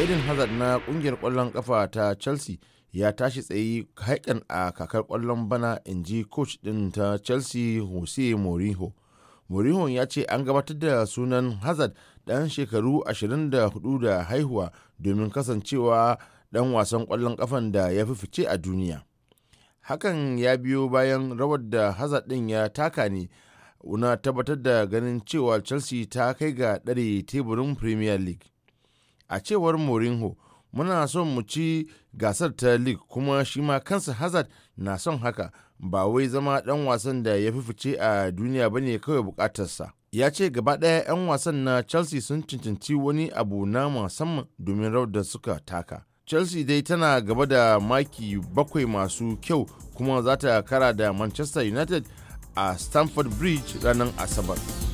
Eden Hazard na kungiyar kwallon kafa ta Chelsea ya tashi tsaye haikan a kakar kwallon bana in ji coach din ta Chelsea Jose Mourinho. Mourinho ya ce an gabatar da sunan Hazard dan shekaru 24 da haihuwa domin kasancewa dan wasan kwallon kafan da ya fi fice a duniya. Hakan ya biyo bayan rawar da Hazard din ya taka ne na tabbatar da ganin cewa Chelsea ta kai ga ɗare teburin Premier League. a cewar Mourinho muna son mu ci gasar ta league kuma shi ma kansa hazard na son haka ba wai zama dan wasan da ya fifice a duniya bane kawai bukatarsa ya ce gaba ɗaya 'yan wasan na chelsea sun cancanci wani abu na musamman domin rawar da suka taka chelsea dai tana gaba da maki bakwai masu kyau kuma za ta kara da manchester united a stamford bridge ranar asabar.